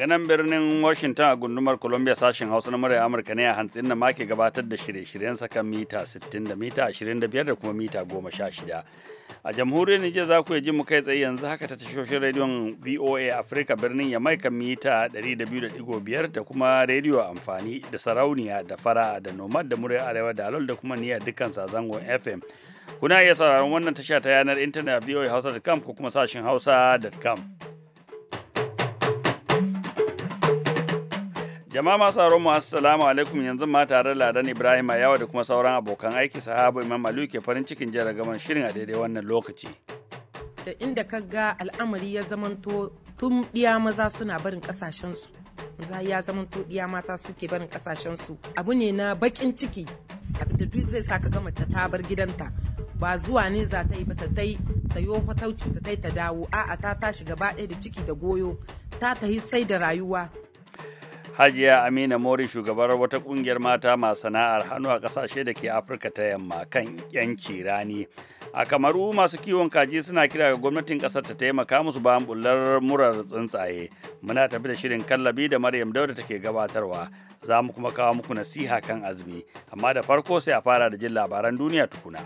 daga nan birnin washington a gundumar columbia sashen hausa na murya amurka ne a hantsin na make gabatar da shirye-shiryen saka mita 60 da mita 25 da kuma mita 16 a jamhuriyar nijar za ku ji mu kai tsaye yanzu haka ta tashoshin rediyon voa afirka birnin yamai kan mita 200.5 da kuma rediyo amfani da sarauniya da fara da nomad da murya arewa da da kuma niyya dukkan sazangon fm kuna iya sauraron wannan tasha ta yanar intanet voa hausa.com ko kuma sashen hausa.com Jama'a masu aron mu assalamu alaikum yanzu ma tare Ladan Ibrahim a yawa da kuma sauran abokan aiki sahaba Imam malu ke farin cikin gaban shirin a daidai wannan lokaci. Da inda ka ga al'amari ya zamanto tun ɗiya maza suna barin ƙasashensu. Maza ya zamanto ɗiya mata suke barin su Abu ne na bakin ciki. Abinda duk zai sa ka ga mace ta bar gidanta. Ba zuwa ne za ta yi ba ta tai ta yo fatauci ta tai ta dawo a'a ta tashi gaba ɗaya da ciki da goyo ta tahi sai da rayuwa Hajiya Amina Mori shugabar wata kungiyar mata masu sana'ar hannu a ƙasashe da ke Afirka ta yamma kan yanci rani. A Kamaru masu kiwon kaji suna kira ga gwamnatin ƙasar ta taimaka musu bayan bullar murar tsuntsaye. Muna tafi da shirin kallabi da Maryam Dauda take gabatarwa. Za mu kuma kawo muku nasiha kan azumi. Amma da farko sai a fara da jin labaran duniya tukuna.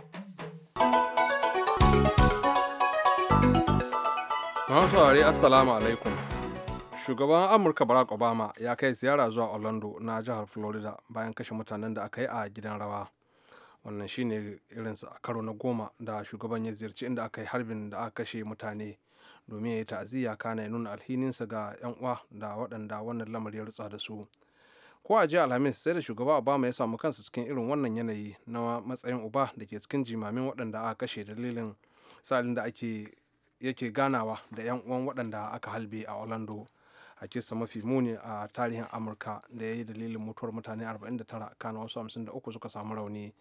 saurari Assalamu alaikum. shugaban amurka barack obama ya kai ziyara zuwa orlando na jihar florida bayan kashe mutanen da aka yi a gidan rawa wannan shine irinsa a karo na goma da shugaban ya ziyarci inda aka yi harbin da aka kashe mutane domin ya yi ta'aziyya kana ya nuna alhininsa ga 'yan uwa da waɗanda wannan lamari ya rutsa da su ko a jiya alhamis sai da shugaba obama ya samu kansa cikin irin wannan yanayi na matsayin uba da ke cikin jimamin waɗanda aka kashe dalilin salin da ake yake ganawa da 'yan uwan waɗanda aka halbe a orlando a kisa mafi muni a tarihin amurka da ya yi dalilin mutuwar mutane 49 kana wasu 53 suka samu rauni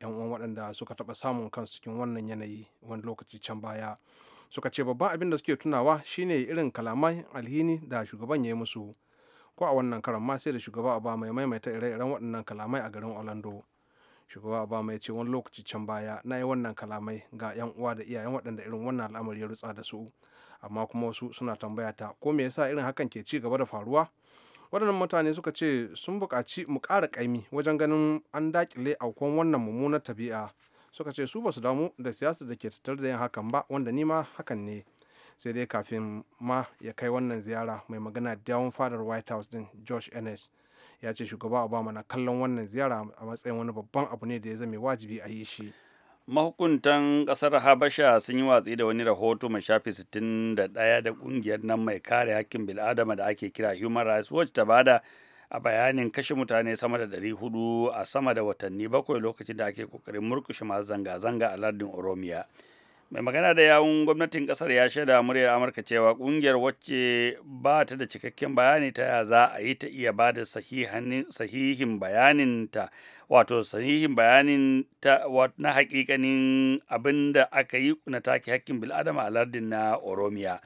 yan uwan waɗanda suka taɓa samun kansu cikin wannan yanayi wani lokaci can baya suka ce babban abin da suke tunawa shine irin kalamai alhini da shugaban ya yi musu ko a wannan karan ma sai da shugaba obama ya maimaita ire-iren waɗannan kalamai a garin orlando shugaba obama ya ce wani lokaci can baya na yi wannan kalamai ga yan uwa da iyayen waɗanda irin wannan al'amari ya rutsa da su amma kuma wasu suna tambaya ta ko me yasa irin hakan ke ci gaba da faruwa waɗannan mutane suka ce sun buƙaci mu ƙara ƙaimi wajen ganin an daƙile aukon wannan mummunar tabi'a suka ce su basu damu da siyasa da ke tattare da yin hakan ba wanda nima hakan ne sai dai kafin ma ya kai wannan ziyara mai magana da fadar white house din josh ennis ya ce shugaba obama na kallon wannan ziyara a matsayin wani babban abu ne da ya zame wajibi a yi shi mahukuntan kasar habasha sun yi watsi da wani rahoto mai shafi 61 da kungiyar nan mai kare hakkin bil'adama da ake kira human rights watch ta bada a bayanin kashe mutane sama da 400 a sama da watanni bakwai lokacin da ake kokarin murkushe masu zanga-zanga a lardin oromiya mai magana da yawun gwamnatin kasar ya shaida muryar amurka cewa kungiyar wacce ba ta da cikakken bayani ta ya za a yi ta iya ba da sahihin bayanin ta wato sahihin bayanin ta na hakikanin abin da aka yi na take hakkin bil'adama a lardin na oromiya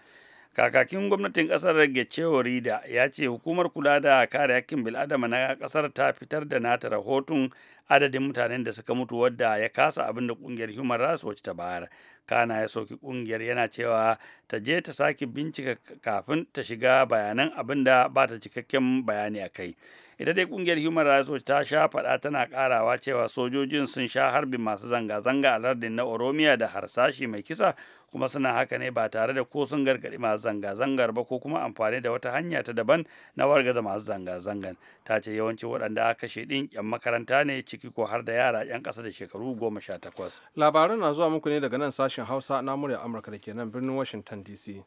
kakakin gwamnatin kasar Gecewa Rida ya ce hukumar kula da kare hakkin bil'adama na kasar ta fitar da nata rahoton adadin mutanen da suka mutu wadda ya kasa abin da kungiyar Human Rights Watch ta bayar. Kana ya soki kungiyar yana cewa ta je ta sake bincika kafin ta shiga bayanan abin da ba ta cikakken bayani a kai. ita dai kungiyar human rights watch ta sha faɗa tana karawa cewa sojojin sun sha harbin masu zanga-zanga a lardin na oromiya da harsashi mai kisa kuma suna haka ne ba tare da ko sun gargaɗi masu zanga-zangar ba ko kuma amfani da wata hanya ta daban na wargaza masu zanga-zangan ta ce yawanci waɗanda aka kashe ɗin 'yan makaranta ne ciki ko har da yara 'yan ƙasa da shekaru goma sha takwas labaran na zuwa muku ne daga nan sashen hausa na murya amurka da ke nan birnin washington dc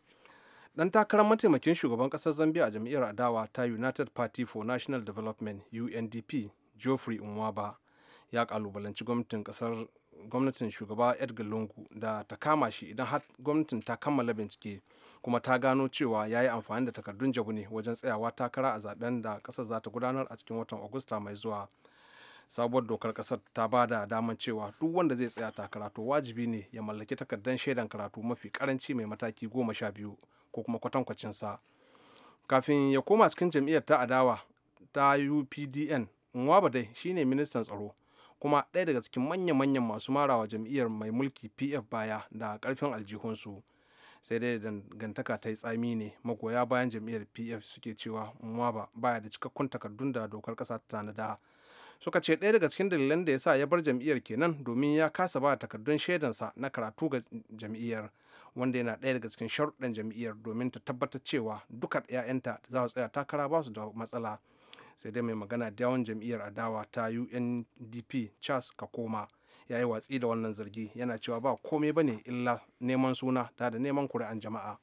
dan takarar mataimakin shugaban kasar zambia a jam'iyyar adawa ta united party for national development undp geoffrey umwaba ya kalubalanci gwamnatin kasar gwamnatin shugaba edgar lungu da ta kama shi idan har gwamnatin ta kammala bincike kuma ta gano cewa ya yi amfani da takardun jabu ne wajen tsayawa takara a zaben da kasar za ta gudanar a cikin watan agusta mai zuwa sabuwar dokar kasar ta ba da damar cewa duk wanda zai tsaya takara to wajibi ne ya mallaki takardar shaidan karatu mafi karanci mai mataki goma sha biyu ko kuma kwatankwacinsa kafin ya koma cikin jam'iyyar ta adawa ta updn nwaba dai shine ministan tsaro kuma ɗaya daga cikin manya-manyan masu marawa jam'iyyar mai mulki pf baya da ƙarfin aljihunsu sai dai dangantaka ta yi tsami ne magoya bayan jam'iyyar pf suke cewa ba baya da cikakkun takardun da dokar ƙasa ta tanada suka ce ɗaya daga cikin dalilan da ya sa ya bar jam'iyyar kenan domin ya kasa ba takardun shaidansa na karatu ga jam'iyyar wanda yana ɗaya daga cikin sharuɗan jam'iyyar domin ta tabbatar cewa duka 'ya'yanta za su tsaya takara ba su da matsala sai dai mai magana da yawan jam'iyyar adawa ta undp charles kakoma ya yi watsi da wannan zargi yana cewa ba komai ba ne illa neman suna da da neman kuri'an jama'a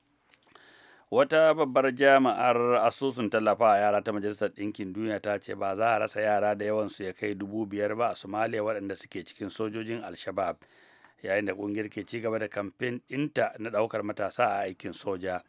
wata babbar jami'ar asusun tallafa a yara ta majalisar ɗinkin duniya ta ce ba za a rasa yara da yawansu ya kai dubu biyar ba a somalia waɗanda suke cikin sojojin alshabab yayin da ƙungiyar ke ci gaba da kamfen ɗinta na ɗaukar matasa a aikin soja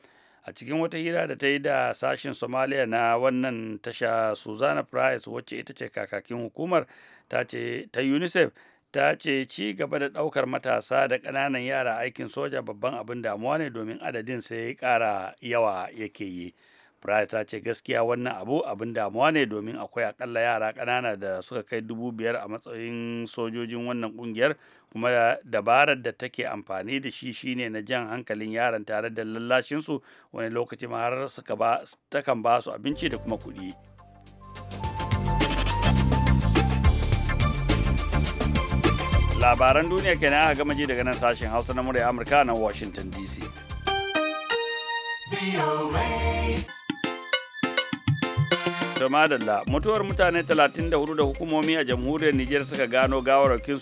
a cikin wata hira da ta yi da sashin somalia na wannan tasha susanna price wacce ita ce kakakin hukumar ta ce ta unicef ta ce ci gaba da ɗaukar matasa da ƙananan yara aikin soja babban abin damuwa ne domin adadin sai kara yawa yake yi Pryor ta ce gaskiya wannan abu abin damuwa ne domin akwai akalla yara ƙanana da suka kai dubu biyar a matsayin sojojin wannan ƙungiyar kuma dabarar da take amfani da shi shine na jan hankalin yaran tare da lallashinsu wani lokaci ma har suka ba takan ba su abinci da kuma kuɗi. labaran duniya kenan aka gama ji daga nan sashen hausa na murya amurka na washington dc madalla mutuwar mutane 34 da hukumomi a jamhuriyar Nijar suka gano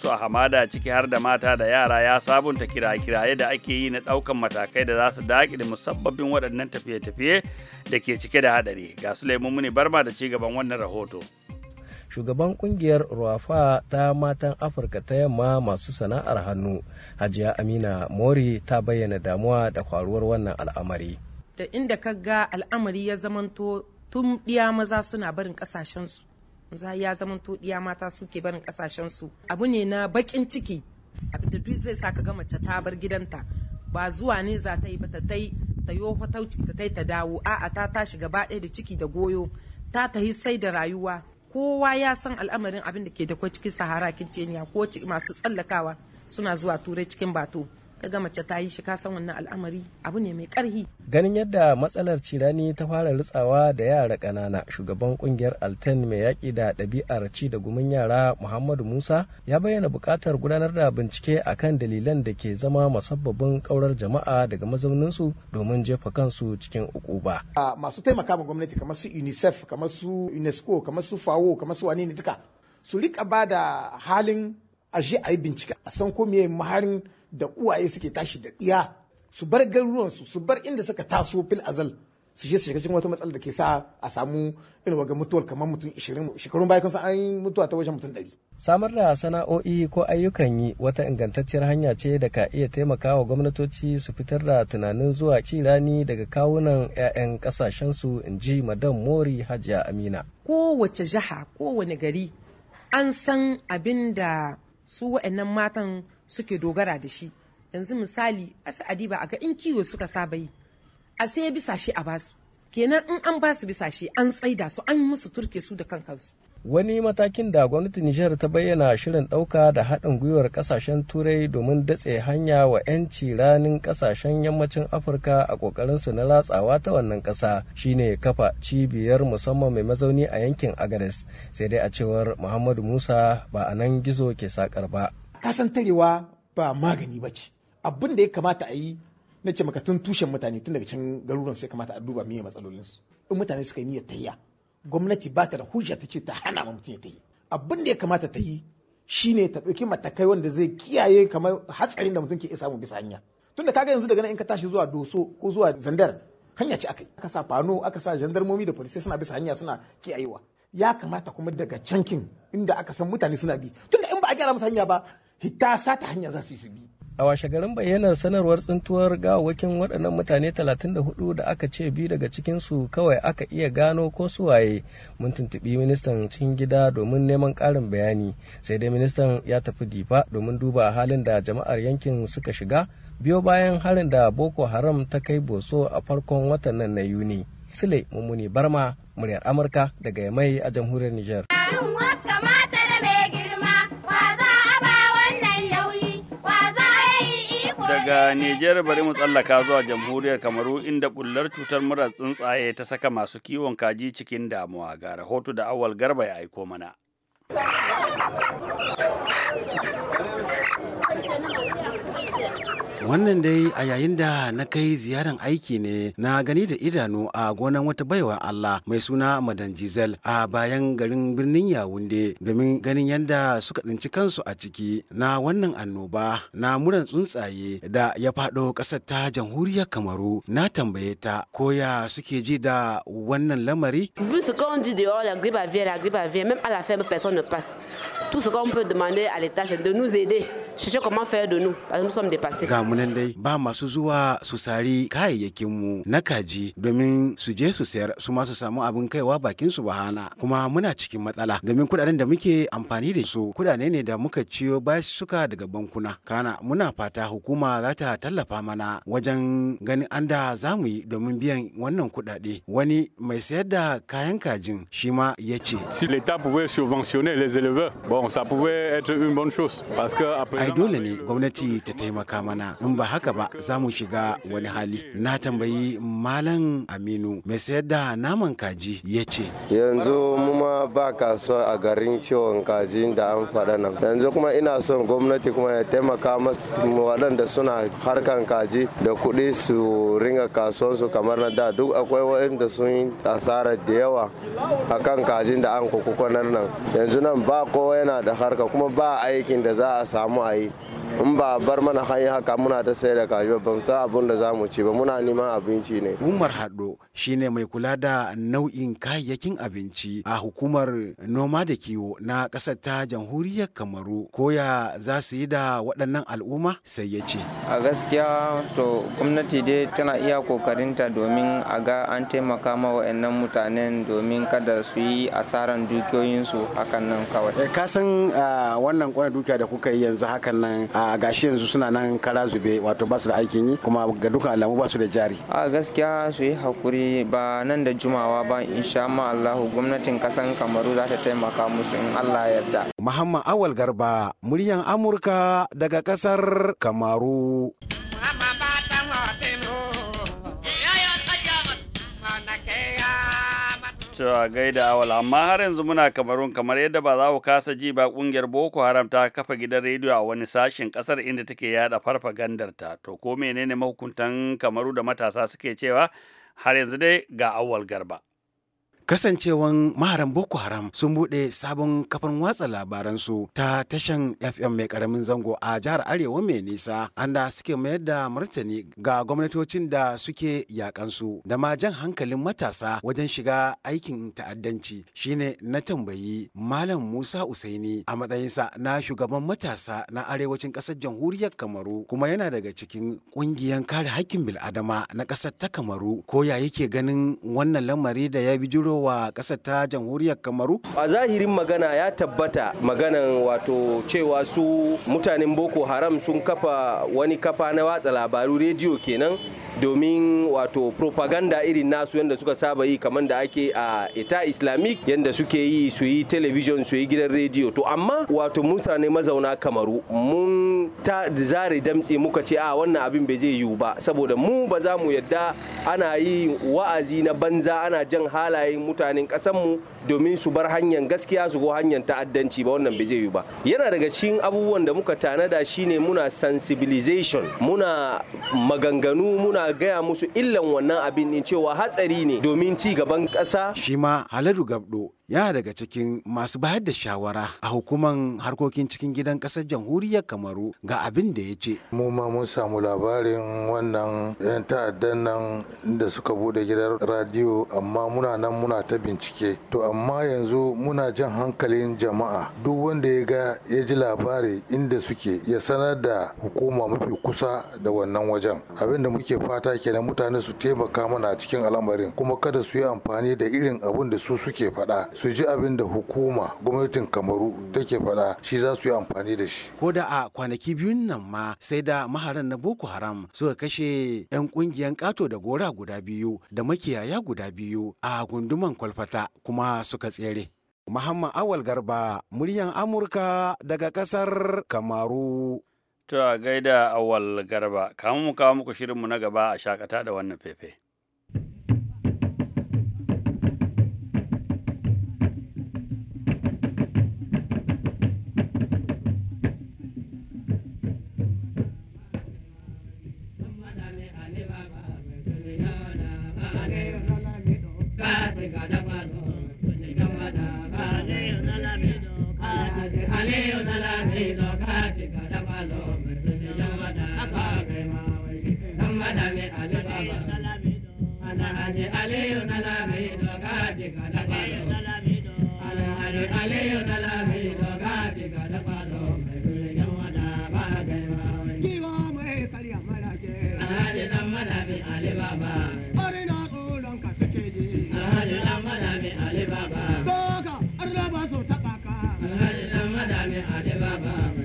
su a hamada ciki har da mata da yara ya sabunta kira kiraye da ake yi na daukan matakai da za su daƙi da musabbabin waɗannan tafiye-tafiye da ke cike da haɗari ga su muni barma da ci gaban wannan rahoto. shugaban kungiyar ruwafa ta matan afirka ta yamma masu sana'ar hannu hajiya amina mori ta bayyana damuwa da faruwar wannan al'amari da inda ka ga al'amari ya zamanto tun ɗiya maza suna barin ƙasashensu ya zamanto ɗiya mata suke barin ƙasashensu abu ne na baƙin ciki abinda duk zai sa ka ga mace ta bar gidanta ba zuwa ne za ta yi ba ta tai ta yi fatauci ta tai ta dawo a'a ta tashi gaba ɗaya da ciki da goyo ta tahi sai da rayuwa kowa ya san al'amarin abin da ke da kwa cikin sahara kinteniya ko masu tsallakawa suna zuwa turai cikin bato kaga mace ta yi shi ka san wannan al'amari abu ne mai karhi ganin yadda matsalar cirani ta fara ritsawa da yara ƙanana shugaban kungiyar alten mai yaƙi da ɗabi'ar ci da gumin yara muhammadu musa ya bayyana buƙatar gudanar da bincike akan dalilan da ke zama musabbabin ƙaurar jama'a daga mazauninsu domin jefa kansu cikin ukuba masu taimaka ma gwamnati kamar su unicef kamar su unesco kamar su fawo kamar su wani ne duka su rika ba da halin aje a yi bincike a san ko meye da uwaye suke tashi da iya su bar garuruwansu su bar inda suka taso fil azal su je su shiga cikin wata matsala da ke sa a samu irin waga mutuwar kamar mutum 20 shekarun baya kun san an mutuwa ta wajen mutum 100 samar da sana'o'i ko ayyukan yi wata ingantacciyar hanya ce da ka iya taimakawa gwamnatoci su fitar da tunanin zuwa ci rani daga kawunan 'ya'yan kasashen su in ji madam mori hajiya amina kowace jiha kowane gari an san abin da su waɗannan matan suke dogara da shi yanzu misali asa adiba a ga in kiwo suka saba yi a sai bisa shi a basu kenan in an basu bisa shi an tsaida su an yi musu turke su da kankansu wani matakin da gwamnatin Nijar ta bayyana shirin ɗauka da haɗin gwiwar kasashen turai domin datse hanya wa 'yanci ranin ƙasashen yammacin afirka a ƙoƙarinsu na ratsawa ta wannan ƙasa shine kafa cibiyar musamman mai mazauni a yankin agares sai dai a cewar muhammadu musa ba a nan gizo ke sakar ba kasantarewa ba magani ba ce abin da ya kamata a yi na ce maka tun tushen mutane tun daga can garuruwan sai kamata a duba meye matsalolinsu in mutane suka yi niyyar tayya gwamnati ba ta da hujja ta ce ta hana ma mutum ya ta yi abin da ya kamata ta yi shine ta ɗauki matakai wanda zai kiyaye kamar hatsarin da mutum ke samu bisa hanya tunda kaga yanzu daga nan in ka tashi zuwa doso ko zuwa zandar hanya ce aka yi aka sa fano aka sa jandarmomi da polisai suna bisa hanya suna kiyayewa ya kamata kuma daga cankin inda aka san mutane suna bi tunda in ba a gyara musu hanya ba hita sata hanya za su yi su bi a garin bayyanar sanarwar tsintuwar gawakin waɗannan mutane 34 da aka ce bi daga cikinsu kawai aka iya gano ko su waye mun tuntuɓi ministan cikin gida domin neman ƙarin bayani sai dai ministan ya tafi difa domin duba halin da jama'ar yankin suka shiga biyo bayan harin da boko haram ta kai boso a farkon watan nan na yuni sule mummuni barma muryar amurka daga mai a jamhuriyar nijar. Daga Nijar bari mu tsallaka zuwa jamhuriyar Kamaru inda bullar cutar mura tsuntsaye ta saka masu kiwon kaji cikin damuwa ga rahoto da awal garba ya aiko mana. Wannan dai a yayin da na kai ziyarar aiki ne na gani da idanu a gonan wata baiwa Allah mai suna Madan Jizel a bayan garin birnin Yawunde domin ganin yadda suka tsinci kansu a ciki na wannan annoba na muran tsuntsaye da ya faɗo ƙasar ta jamhuriyar Kamaru na tambaye ta koya suke ji da wannan lamari. Tout ce qu'on peut demander à l'État, c'est de nous aider shi kuma fa da nu a sun da fasi ga munan dai ba masu zuwa su sari kayayyakin mu na kaji domin su je su sayar su ma su samu abin kaiwa bakin su bahana kuma muna cikin matsala domin kudaden da muke amfani da su kudade ne da muka ciyo bashi suka daga bankuna kana muna fata hukuma za ta tallafa mana wajen ganin an da za mu yi domin biyan wannan kudade wani mai sayar da kayan kajin shi ma ya ce si l'état pouvait subventionner les éleveurs bon ça pouvait être une bonne chose parce que après dole ne gwamnati ta taimaka mana in ba haka ba za mu shiga wani hali na tambayi malam aminu mai sayar da naman kaji ya ce yanzu kuma ba kasuwa a garin ciwon kaji da an faɗa nan yanzu kuma ina son gwamnati kuma ya taimaka masu waɗanda suna harkan kaji da kuɗi su ringa kasuwansu kamar na da duk akwai waɗanda sun asara da yawa a kan kajin da an kukukunar nan yanzu nan ba kowa yana da harka kuma ba aikin da za a samu a yi in ba bar mana hanya haka muna ta sayar da kaji ba mu san abin da zamu mu ci ba muna neman abinci ne umar hado shine mai kula da nau'in kayayyakin abinci a hukumar noma da kiwo na ƙasar ta jamhuriyar kamaru koya za su yi da waɗannan al'umma sai ya ce a gaskiya to gwamnati dai tana iya kokarinta domin a ga an taimaka ma waɗannan mutanen domin kada su yi asaran dukiyoyinsu hakan nan kawai eh, ka san ah, wannan kwana dukiya da kuka yi yanzu hakan nan a ah, a gashi yanzu suna nan kara zube wato ba su da aikin yi kuma ga duka alamu ba su da jari a gaskiya su yi hakuri ba nan da jumawa ba insha ma Allahu gwamnatin kasan Kamaru za ta taimaka musu in Allah yarda Muhammad Awal Garba muryan Amurka daga kasar Kamaru cewa gaida awal amma har yanzu muna kamarun kamar yadda ba za ku kasa ji ba kungiyar Boko Haram ta kafa gidan rediyo a wani sashen kasar inda take yada farfa gandarta to ko menene mahukuntan kamaru da matasa suke cewa har yanzu dai ga awal garba kasancewan maharan boko haram sun bude sabon kafan watsa labaransu ta tashan fm mai karamin zango a jihar arewa mai nisa anda suke mayar da martani ga gwamnatocin da suke yakansu da ma jan hankalin matasa wajen shiga aikin ta'addanci shine na tambayi malam musa usaini a matsayinsa na shugaban matasa na arewacin ƙasar jamhuriyar kamaru kuma yana daga cikin kungiyan kare hakkin bil'adama na kasar ta kamaru ko ya yake ganin wannan lamari da ya bijiro wa ƙasar ta jamhuriyar kamaru a zahirin magana ya tabbata maganan wato cewa su mutanen boko haram sun kafa wani kafa na watsa labaru rediyo kenan domin wato propaganda irin nasu yadda suka saba yi kamar da ake a ita islamic yadda suke yi su yi television su yi gidan rediyo to amma wato mutane mazauna kamaru mun ta zare damtse muka ce a wannan abin bai zai yiwu ba saboda mu ba za mu yadda ana yi wa'azi na banza ana jan halayen mutanen mu domin su bar hanyar gaskiya su go hanyar ta'addanci ba wannan bai zai yi ba yana daga cikin abubuwan da muka tanada shine muna sensibilization muna maganganu muna gaya musu illan wannan abin din cewa hatsari ne domin ci gaban ƙasa shi ma haladu gabdo ya daga cikin masu bayar da shawara a hukuman harkokin cikin gidan ƙasar jamhuriyar kamaru ga abin da ya ce mu ma mun samu labarin wannan 'yan ta'addan nan da suka bude gidan radiyo amma muna nan muna muna ta bincike to amma yanzu muna jan hankalin jama'a duk wanda ya ga ya ji labari inda suke ya sanar da hukuma mafi kusa da wannan wajen abinda muke fata kenan mutane su taimaka mana cikin al'amarin kuma kada su yi amfani da irin abin da su suke faɗa su ji abin da hukuma gwamnatin kamaru take faɗa shi za su yi amfani da shi ko da a kwanaki biyun nan ma sai da maharan na boko haram suka kashe 'yan kungiyan kato da gora guda biyu da makiyaya guda biyu a gundumar man kwalfata kuma suka tsere. Muhammad Awal Garba, muryan Amurka daga ƙasar Kamaru. To gaida Awal Garba, kamun mu kawo muku shirinmu na gaba a shakata da wannan fefe. I'm Adama Adama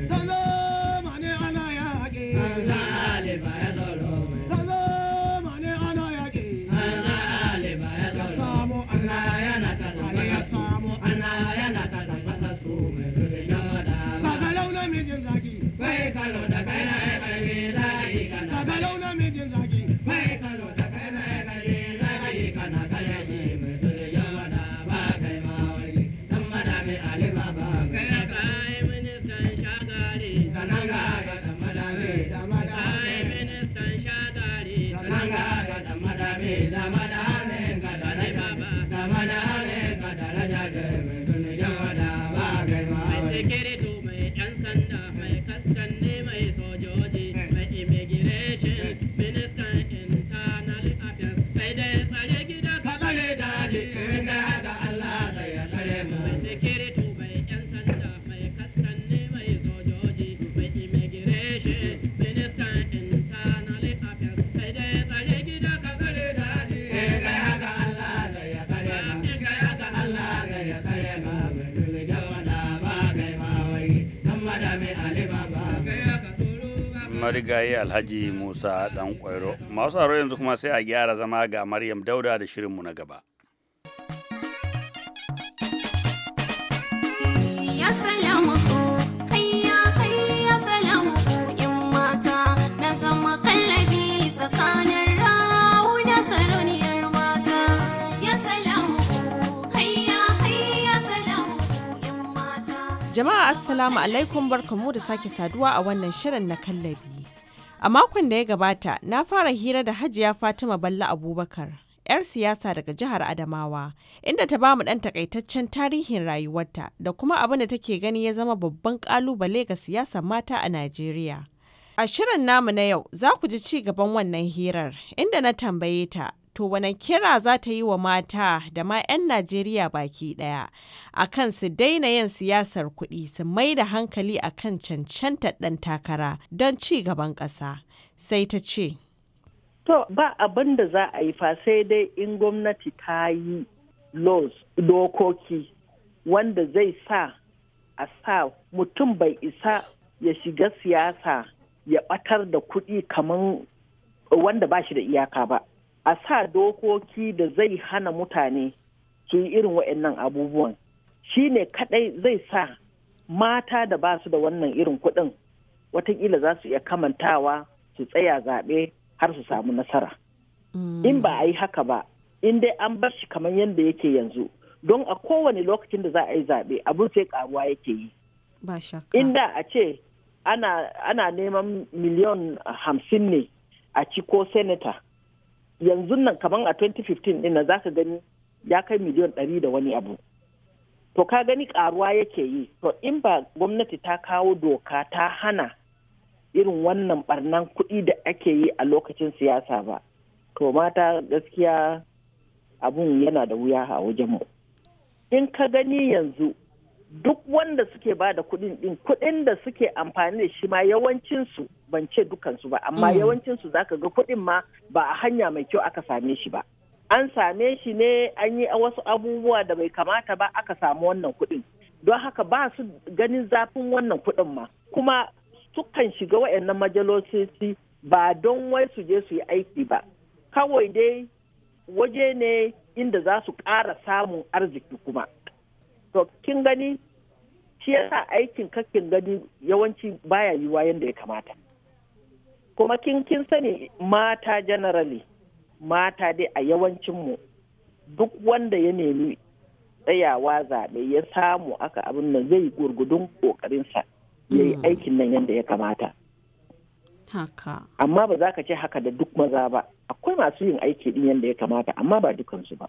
marigayi alhaji musa dan kwairo masu aro yanzu kuma sai a gyara zama ga maryam dauda da shirinmu na gaba ya salamu hayya hayya salamu in mata na zama kallabi tsakanin rawuna saloniyar mata ya salamu Jama'a Assalamu alaikum barkamu da sake saduwa a wannan shirin na kallabi. A makon da ya gabata, na fara hira da Hajiya Fatima Balla Abubakar, 'yar siyasa daga jihar Adamawa, inda ta ba mu ɗan takaitaccen tarihin rayuwarta da kuma abin da take gani ya zama babban ƙalubale ga siyasar mata a Najeriya. A shirin namu na yau za ku ji ci gaban wannan hirar, inda na tambaye ta to wani kira za ta yi wa mata da ma 'yan Najeriya baki ɗaya a kan su daina yin siyasar kuɗi su mai da hankali a kan cancanta ɗan takara don ci gaban ƙasa. Sai ta ce. To ba abin da za a yi fa sai dai in gwamnati ta yi laws dokoki wanda zai sa a sa mutum bai isa ya shiga siyasa ya ɓatar da kuɗi kamar wanda ba shi da iyaka ba. a sa dokoki da zai hana mutane su yi irin waɗannan abubuwan shi ne kadai zai sa mata da ba su da wannan irin kuɗin watakila za su iya kamantawa su tsaya zaɓe har su samu nasara mm. in ba a yi haka ba in dai an bar shi kamar yadda yake yanzu don a kowane lokacin da za a yi zaɓe abin sai karuwa yake yi inda a ce ana, neman miliyon hamsin ne a ci ko senata yanzu nan kamar a 2015 din za ka gani ya kai miliyan ɗari da wani abu to ka gani karuwa yake yi to in ba gwamnati ta kawo doka ta hana irin wannan barnan kuɗi da ake yi a lokacin siyasa ba to mata gaskiya abun yana da wuya a wajenmu in ka gani yanzu duk wanda suke ba da kuɗin din kuɗin da suke amfani da shi ma yawancinsu ban ce dukansu ba amma mm. yawancinsu zaka ga kuɗin ma ba a hanya mai kyau aka same shi ba an same shi ne an yi wasu abubuwa da bai kamata ba aka samu wannan kuɗin don haka ba su ganin zafin wannan kuɗin ma kuma sukan shiga waɗannan majalosoci ba don wai su je su yi aiki ba kawai dai waje ne inda za su ƙara samun arziki kuma to kin gani shi yasa aikin kakin gani yawanci baya yiwa yadda ya kamata kuma kin kin sani mata generally mata dai a yawancinmu duk wanda ya nemi tsayawa zaɓe ya samu aka abin nan zai gurgudun ƙoƙarinsa ya yi hmm. aikin nan yadda ya kamata. Haka. Amma ba za ka ce haka da duk maza ba, akwai masu yin aiki din yadda ya kamata amma ba dukansu ba.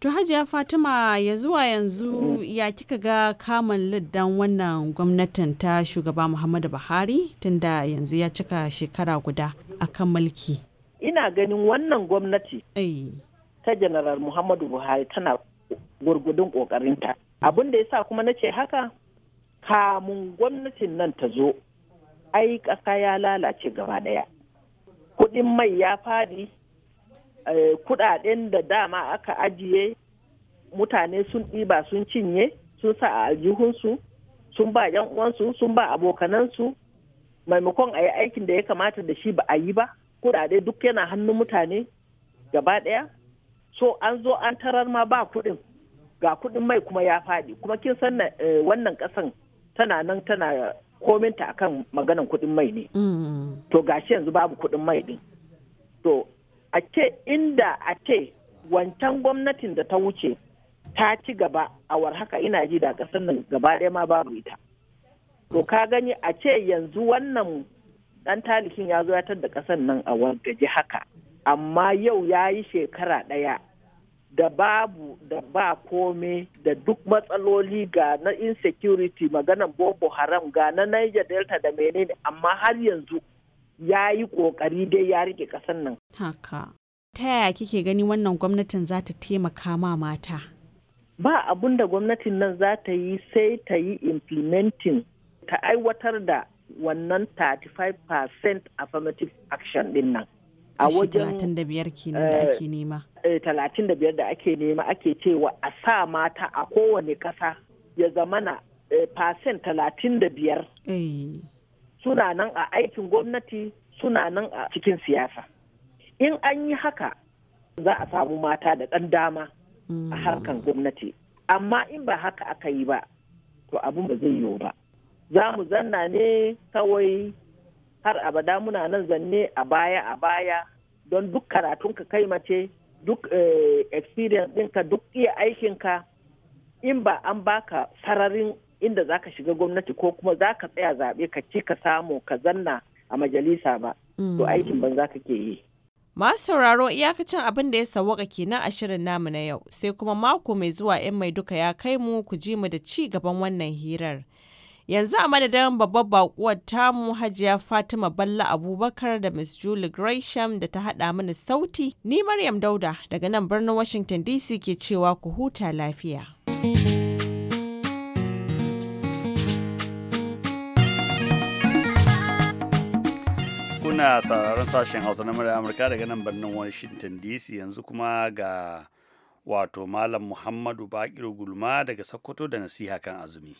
To Hajiya Fatima ya zuwa yanzu ya kika ga kamun liddan wannan gwamnatin ta shugaba Muhammadu Buhari tunda yanzu ya cika shekara guda a kan mulki. Ina ganin wannan gwamnati eh. ta general Muhammadu Buhari tana gurgudun ƙoƙarinta. Abin da ya sa kuma na ce haka, kamun gwamnatin nan ta zo, ai ƙasa ya lalace gaba ɗaya. Kuɗin mai ya fadi, Eh, kudaden da dama aka ajiye mutane sun ɗiba sun cinye sun sa a aljihunsu sun ba yan uwansu sun ba abokanansu maimakon a yi aikin da ya kamata da shi ba a yi ba kudade duk yana hannun mutane gaba ɗaya so an zo an tarar ma ba kuɗin ga kuɗin mai kuma ya faɗi kuma kin san eh, wannan ƙasan tana nan tana kominta akan maganan kuɗin mai ne mm. to gashi yanzu babu kuɗin mai ne. to a ce inda a ce wancan gwamnatin da ta wuce ta ci gaba a war haka ina ji da ƙasar nan gaba ɗaya ma babu ita to ka gani a ce yanzu wannan ɗan talikin ya zo ya da ƙasar nan a gaji haka amma yau ya yi shekara ɗaya da babu da ba kome da duk matsaloli ga na insecurity maganan boko haram ga na niger delta da menene amma har yanzu ya yi ƙoƙari dai ya rike ƙasar nan Haka. Ta yaya kike gani wannan gwamnatin za ta taimaka ma mata? Ba abun da gwamnatin nan za ta yi sai ta yi implementing ta aiwatar da wannan 35% affirmative action din nan. A wajen 35 kenan da eh, ake nema. 35 eh, da ake nema ake cewa a sa mata a kowane kasa ya zamana eh, percent 35 suna nan a aikin gwamnati suna nan a cikin siyasa. in an yi haka za a samu mata da ɗan dama a harkan gwamnati amma in ba haka aka yi ba to abin ba zai yiwu ba za mu zanna ne kawai har abada muna nan zanne a baya a baya don duk karatunka kai mace duk eh, experience ɗinka duk iya aikinka in ba an baka sararin inda za ka shiga gwamnati ko kuma za ka tsaya zaɓe ka ci ka samu ka zanna a majalisa ba to mm. aikin ban za ka ke yi Masu sauraro iyakacin abin da ya sawaka kenan a shirin namu na yau sai kuma mako mai zuwa 'yan mai duka ya kai mu ku ji mu da ci gaban wannan hirar. Yanzu a madadin babbar bakuwar tamu hajiya Fatima Balla Abubakar da Miss Julie Gresham da ta haɗa mana sauti, ni Maryam Dauda daga nan birnin Washington DC ke cewa ku huta lafiya. Kuna sauraron sashen Hausa na murya Amurka daga nan birnin Washington DC yanzu kuma ga wato Malam Muhammadu Bakiru Gulma daga Sokoto da nasiha kan azumi.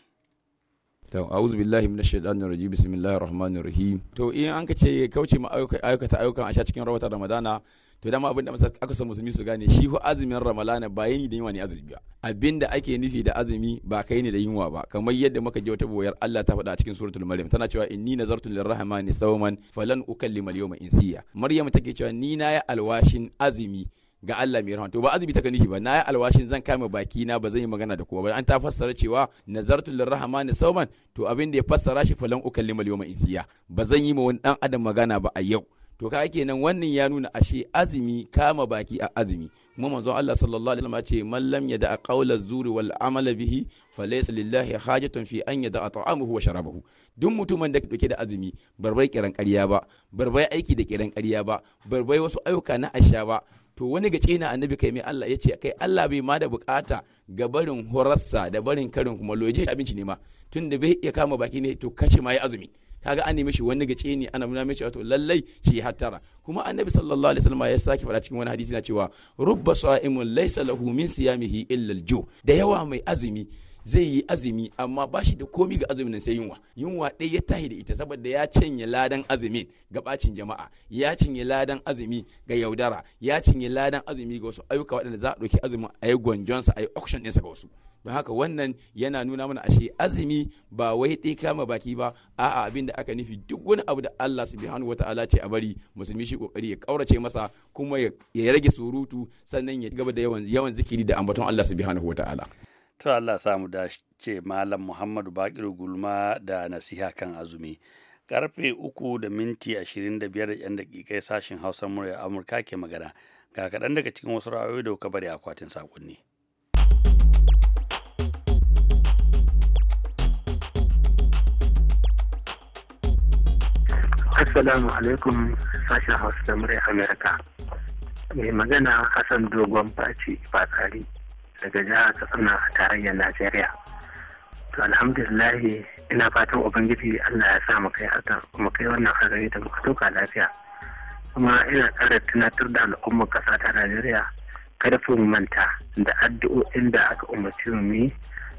to a'udhu billahi minash shaitanir rajim bismillahir rahmanir rahim to in an ka kauce ma aikata ayyukan asha cikin rawatar ramadana to dama abinda da aka so musulmi su gane shi ho azumin ramalana ba yini da yunwa ne azumi ba abinda ake nufi da azumi ba kai ne da yunwa ba kamar yadda muka ji wata boyar Allah ta faɗa a cikin suratul maryam tana cewa inni nazartu lirrahmani sawman falan ukallima al-yawma insiya maryam take cewa ni na yi alwashin azumi ga Allah mai rahama to ba azumi ka nufi ba na yi alwashin zan kame baki na ba zan yi magana da kowa ba an ta fassara cewa nazartu lirrahmani sauman to abin da ya fassara shi falan ukallimal yawma insiya ba zan yi ma wani dan adam magana ba a yau to ka nan wannan ya nuna ashe azumi kama baki a azumi kuma manzo Allah sallallahu alaihi wasallam ce man lam yada qawla zuri wal amala bihi falaysa lillahi hajatun fi an yada ta'amuhu wa sharabahu duk mutumin da dauke da azumi barbai kiran ƙarya ba barbai aiki da kiran ƙarya ba barbai wasu ayyuka na asha ba to wani gace na annabi kai mai Allah ya ce kai Allah bai ma da bukata ga barin horarsa da barin karin kuma loje abinci ne ma tunda bai iya kama baki ne to kashi ma azumi kaga an nemi shi wani gace ne ana nuna cewa wato lallai shi hattara kuma annabi sallallahu alaihi wasallam ya sake faɗa cikin wani hadisi na cewa rubba sa'imun laysa lahu min siyamihi illa al-ju da yawa mai azumi zai yi azumi amma ba shi da komi ga azumin sai yunwa yunwa dai ya tahi da ita saboda ya cinye ladan azumi ga bacin jama'a ya cinye ladan azumi ga yaudara ya cinye ladan azumi ga wasu ayyuka waɗanda za a ɗauki azumin a yi gwanjonsa a yi auction ɗinsa ga wasu don haka wannan yana nuna mana ashe azumi ba wai ɗai kama baki ba a'a abin da aka nufi duk wani abu da Allah subhanahu wataala ce a bari musulmi shi kokari ya kaurace masa kuma ya rage surutu sannan ya gaba da yawan yawan zikiri da ambaton Allah subhanahu wataala to Allah samu da ce malam Muhammadu Bakir Gulma da nasiha kan azumi karfe uku da minti ashirin da yan daƙiƙai sashen hausa murya amurka ke magana ga kaɗan daga cikin wasu ra'ayoyi da kuka bari akwatin saƙonni. Assalamu alaikum sashen Hausa da murya Amerika. Mai magana Hassan Dogon Faci Fatsari daga jihar Katsina tarayyar Najeriya. To alhamdulillahi ina fatan Ubangiji Allah ya sa mu kai haka mu kai wannan hazari da muka toka lafiya. Kuma ina ƙara tunatar da al'ummar ƙasa ta Najeriya kada manta da addu'o'in da aka umarci mu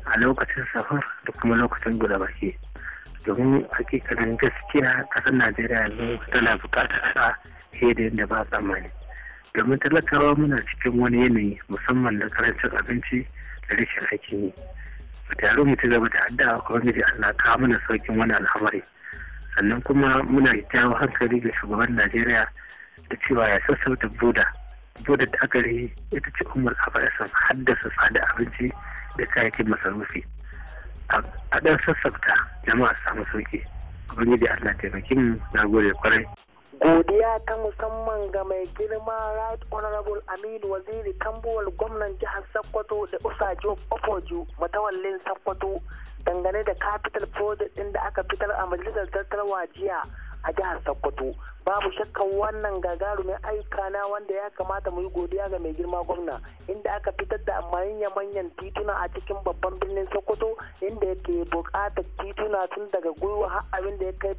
a lokacin safar da kuma lokacin guda baki. domin hakikanin gaskiya kasar najeriya yanzu tana bukatar sa fiye da ba tsammani domin talakawa muna cikin wani yanayi musamman na karancin abinci da rashin aikin yi tare mu ci gaba da addu'a ubangiji allah ka mana saukin wani al'amari sannan kuma muna jawo hankali ga shugaban najeriya da cewa ya sassauta buda buda da aka ita ce umar abarasan haddasa tsada abinci da kayayyakin masarufi a ɗan sassafta jama'a samu sauki abin da Allah taimakin na gode kwarai godiya ta musamman ga mai girma right honorable aminu waziri kambuwal gwamnan jihar sokoto da usajo ofoju matawallin sokoto dangane da capital project din da aka fitar a majalisar tattalwa jiya a jihar Sokoto babu shakkan wannan gagarumin aika na wanda ya kamata mu yi godiya ga mai girma gwamna inda aka fitar da manya manyan tituna a cikin babban birnin Sokoto inda yake buƙatar tituna tun daga gwiwa har abin da ya kai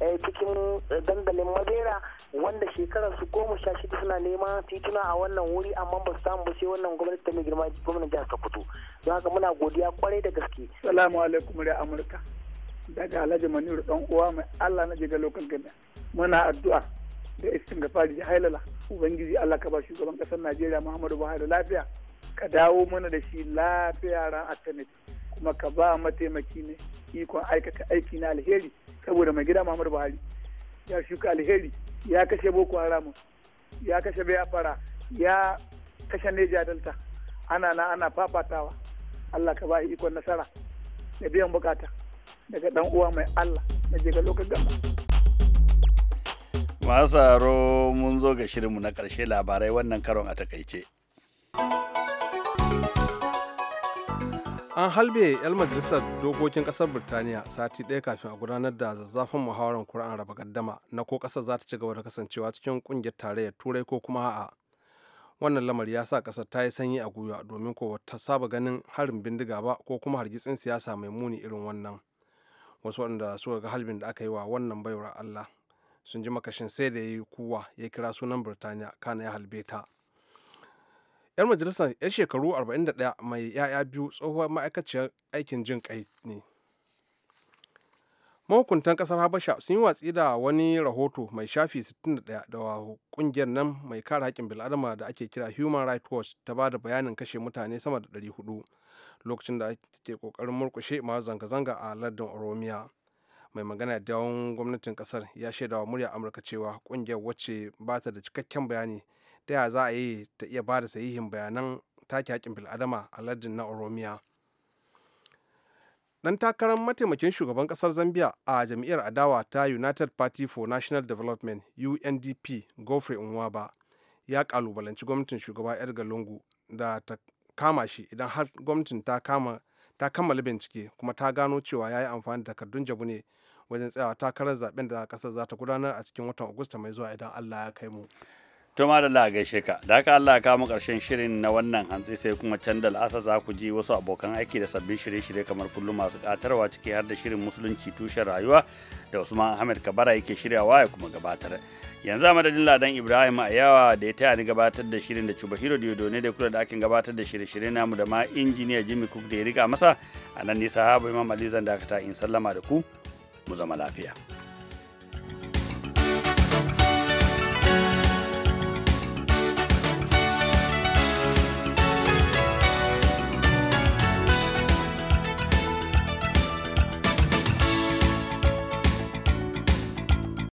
eh, cikin eh, dandalin Madera wanda shekarar su goma sha shida suna neman tituna a wannan wuri amma ba su samu ba sai wannan gwamnati ta mai girma gwamnan jihar Sokoto don haka muna godiya kwarai da gaske. Salamu alaikum Amurka. daga alhaji maniru dan uwa mai allah na jiga lokal gada muna addu'a da istin ga fari hailala ubangiji allah ka ba shugaban kasar najeriya muhammadu buhari lafiya ka dawo mana da shi lafiya ran alternative kuma ka ba mataimaki ne ikon aikata aiki na alheri saboda mai gida muhammadu buhari ya shuka alheri ya kashe boko haram ya kashe bayafara ya kashe neja delta ana na ana fafatawa allah ka ba ikon nasara da biyan bukata daga dan uwa mai Allah na jiga lokacin gama. Masu haro mun zo ga shirinmu na ƙarshe labarai wannan karon a takaice. an halbe 'yan majalisar dokokin ƙasar birtaniya sati ɗaya kafin a gudanar da zazzafin muhawarar kur'an raba gaddama na ko kasar za ta ci gaba da kasancewa cikin kungiyar tarayyar turai ko kuma a'a wannan lamari ya sa kasar ta yi sanyi a gwiwa domin ko ta saba ganin harin bindiga ba ko kuma hargitsin siyasa mai muni irin wannan wasu wanda suka ga halbin da aka yi wa wannan baiwar allah sun ji makashin sai da ya yi kuwa ya kira sunan birtaniya kana ya halbe ta yar majalisar yar shekaru 41 mai yaya biyu tsohuwar ma'aikaciyar aikin jin kai ne mahukuntan kasar habasha sun yi watsi da wani rahoto mai shafi 61 da kungiyar nan mai kare haƙƙin bil'adama da ake kira human rights watch ta ba da bayanin kashe mutane sama da 400 lokacin da ake kokarin murkushe masu zanga-zanga a lardin oromiya mai magana da yawon gwamnatin kasar ya shaidawa murya amurka cewa kungiyar wacce ba ta da cikakken bayani ta ya za a yi ta iya ba da sahihin bayanan take hakin bil'adama a lardin na oromiya dan takarar mataimakin shugaban kasar zambia a jam'iyyar adawa ta united party for national development undp gofre nwaba ya kalubalanci gwamnatin shugaba edgar lungu da ta kama shi idan har gwamnatin ta kama ta kammala bincike kuma ta gano cewa ya yi amfani da takardun jabu ne wajen tsayawa takarar zaben da kasar za ta gudanar a cikin watan agusta mai zuwa idan allah ya kai mu to da gaishe ka da haka allah kawo karshen shirin na wannan hantsi sai kuma can da la'asar za ku ji wasu abokan aiki da sabbin shirye-shirye kamar kullum masu katarwa ciki har da shirin musulunci tushen rayuwa da usman ahmed kabara yake shiryawa ya kuma gabatar yanzu a madadin ladan ibrahim a yawa da ya taya ni gabatar da shirin da cuba hiro diodo ne da kula da akin gabatar da shirye-shirye namu da ma injiniya jimmy cook da ya riga masa a nan nisa habu imam da zan dakata in sallama da ku mu zama lafiya.